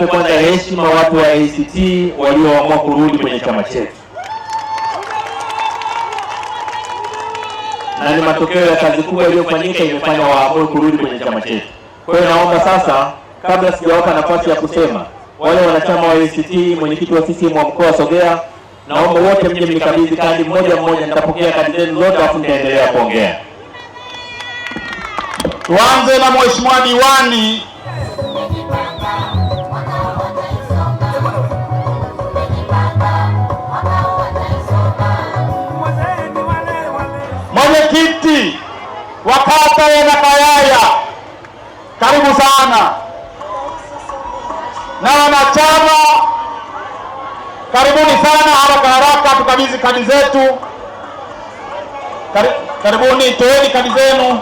niwape kwanza heshima watu wa ACT walioamua kurudi kwenye chama chetu, na ni matokeo ya kazi kubwa iliyofanyika imefanya waamue kurudi kwenye chama chetu. Kwa hiyo naomba sasa, kabla sijawapa nafasi ya kusema wale wanachama wa ACT, mwenyekiti wa CCM wa mkoa Sogea, naomba wote mje mnikabidhi kadi mmoja mmoja, nitapokea kadi zenu zote afu nitaendelea kuongea. Tuanze na mheshimiwa diwani mwenyekiti wa kata ya Nakayaya, karibu sana na wanachama, karibuni sana. Haraka haraka tukabidhi kadi zetu. Karibuni, toeni kadi zenu.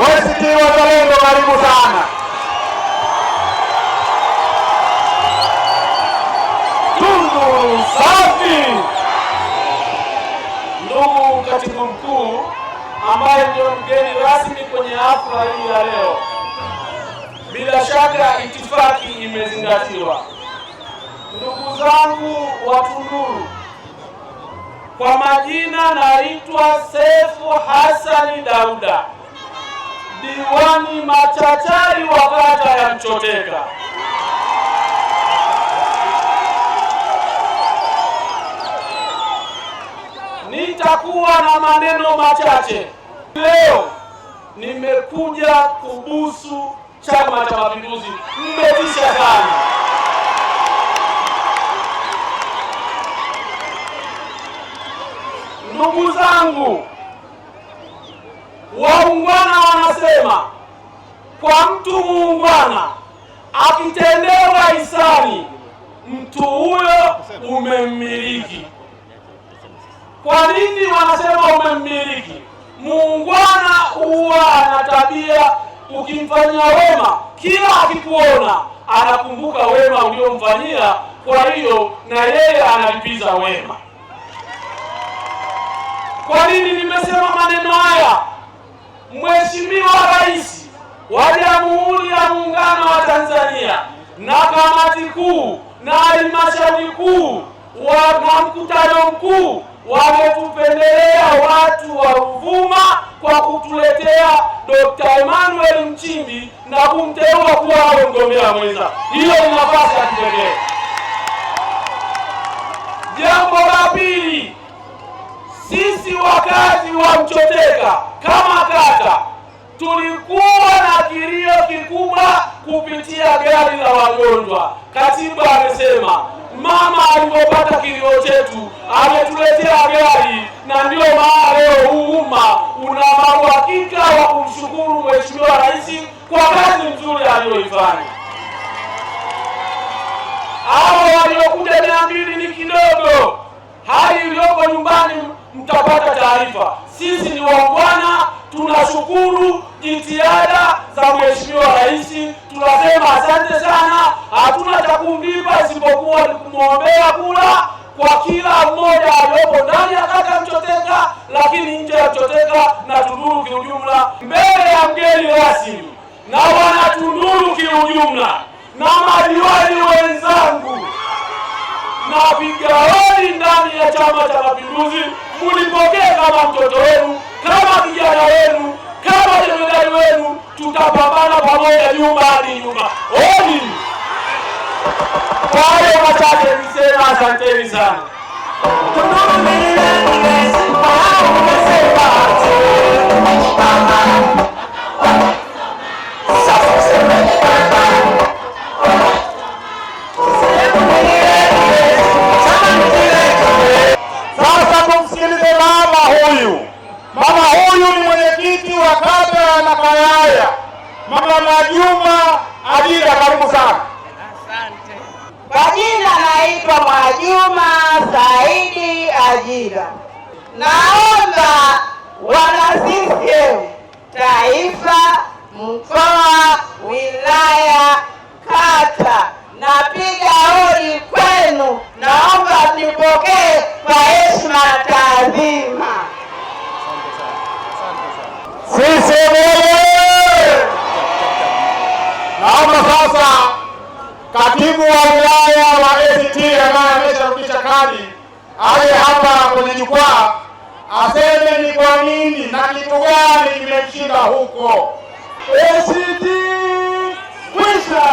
ACT Wazalendo, karibu sana. Tundu safi. Ndugu katibu mkuu ambaye ndio mgeni rasmi kwenye hafla hii ya leo, bila shaka itifaki imezingatiwa. Ndugu zangu wa kwa majina naitwa Sefu Hasani Dauda diwani machachari wa kata ya Mchoteka. Nitakuwa na maneno machache leo. Nimekuja kubusu Chama cha Mapinduzi, mmetisha sana. Ndugu zangu waungwana kwa mtu muungwana akitendewa hisani, mtu huyo umemmiliki. Kwa nini wanasema umemmiliki? Muungwana huwa ana tabia, ukimfanyia wema, kila akikuona anakumbuka wema uliomfanyia, kwa hiyo na yeye analipiza wema. Kwa nini nimesema maneno haya? Mheshimiwa Rais wa Jamhuri ya Muungano wa Tanzania na kamati kuu na halmashauri kuu na mkutano mkuu wametupendelea watu wa Ruvuma kwa kutuletea Dr. Emmanuel Nchimbi na kumteua kuwa mgombea mwenza. Hiyo ni nafasi ya kipekee. alipopata kilio chetu ametuletea gari, na ndio maana leo huu umma una mauhakika wa kumshukuru Mheshimiwa Rais kwa kazi nzuri aliyoifanya. Hao waliokuja mia mbili ni kidogo, hali iliyoko nyumbani mtapata taarifa. Sisi ni wabwana, tunashukuru jitihada za mheshimiwa rais, tunasema asante sana. Hatuna cha kumlipa isipokuwa ni kumwombea kula kwa kila mmoja aliyopo ndani ya kata ya Mchoteka, lakini nje ya Mchoteka na Tunduru kiujumla, mbele ya mgeni rasmi na wana Tunduru kiujumla na madiwani wenzangu na vigaoni ndani ya Chama cha Mapinduzi, mulipokee kama mtoto wenu, kama kijana wenu, kama upinzani wenu, tutapambana pamoja nyuma hadi nyuma. Hodi! Kwa hayo machache nisema asanteni sana. mwenyekiti wa kata ya Nakayaya Mama Juma Adida, karibu sana. Kwa jina naitwa Mwajuma Saidi Ajira. Naomba wana CCM taifa, mkoa, wilaya, kata, napiga hodi kwenu, naomba mnipokee kwa heshima na taadhima. aje hapa kwenye jukwaa aseme ni kwa nini na kitu gani kimemshinda huko. ACT kwisha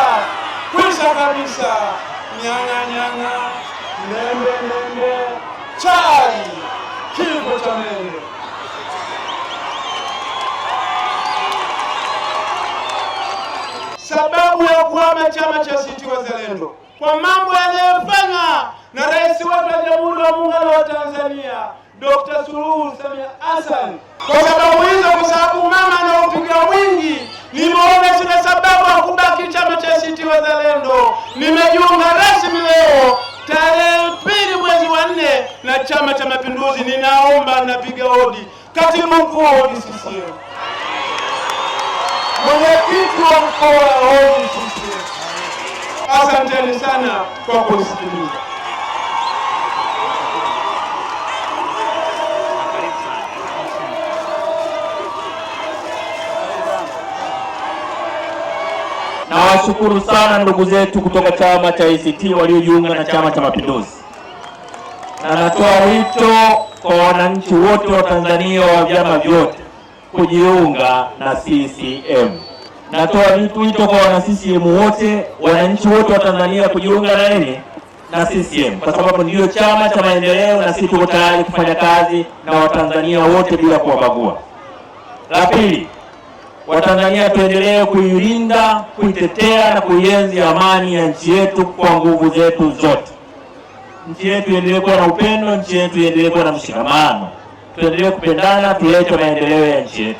kwisha kabisa, nyang'a nyang'a, nembe nembe, chai kipo cha mende. Sababu ya kuhama chama cha ACT Wazalendo kwa mambo yanayofanya na rais wetu wa Jamhuri ya Muungano wa Tanzania Dr. Suluhu Samia Hassan. Kwa sababu hizo, kwa sababu mama anaupiga mwingi, nimeona sina sababu ya kubaki chama cha ACT Wazalendo. Nimejiunga rasmi leo tarehe pili mwezi wa nne na Chama cha Mapinduzi. Ninaomba, napiga hodi katibu mkuu wa CCM, mwenyekiti wa mkoa wa CCM. Asanteni sana kwa kusikiliza. Nawashukuru sana ndugu zetu kutoka chama cha ACT waliojiunga na Chama cha Mapinduzi, na natoa wito kwa wananchi wote wa Tanzania wa vyama vyote kujiunga na CCM. Natoa wito kwa wana CCM wote, wananchi wote wa Tanzania kujiunga na nini, na CCM, kwa sababu ndiyo chama cha maendeleo, na sisi tuko tayari kufanya kazi na Watanzania wote bila kuwabagua. La pili Watanzania tuendelee kuilinda, kuitetea na kuienzi amani ya nchi yetu kwa nguvu zetu zote. Nchi yetu iendelee kuwa na upendo, nchi yetu iendelee kuwa na mshikamano, tuendelee kupendana, tulete maendeleo ya nchi yetu.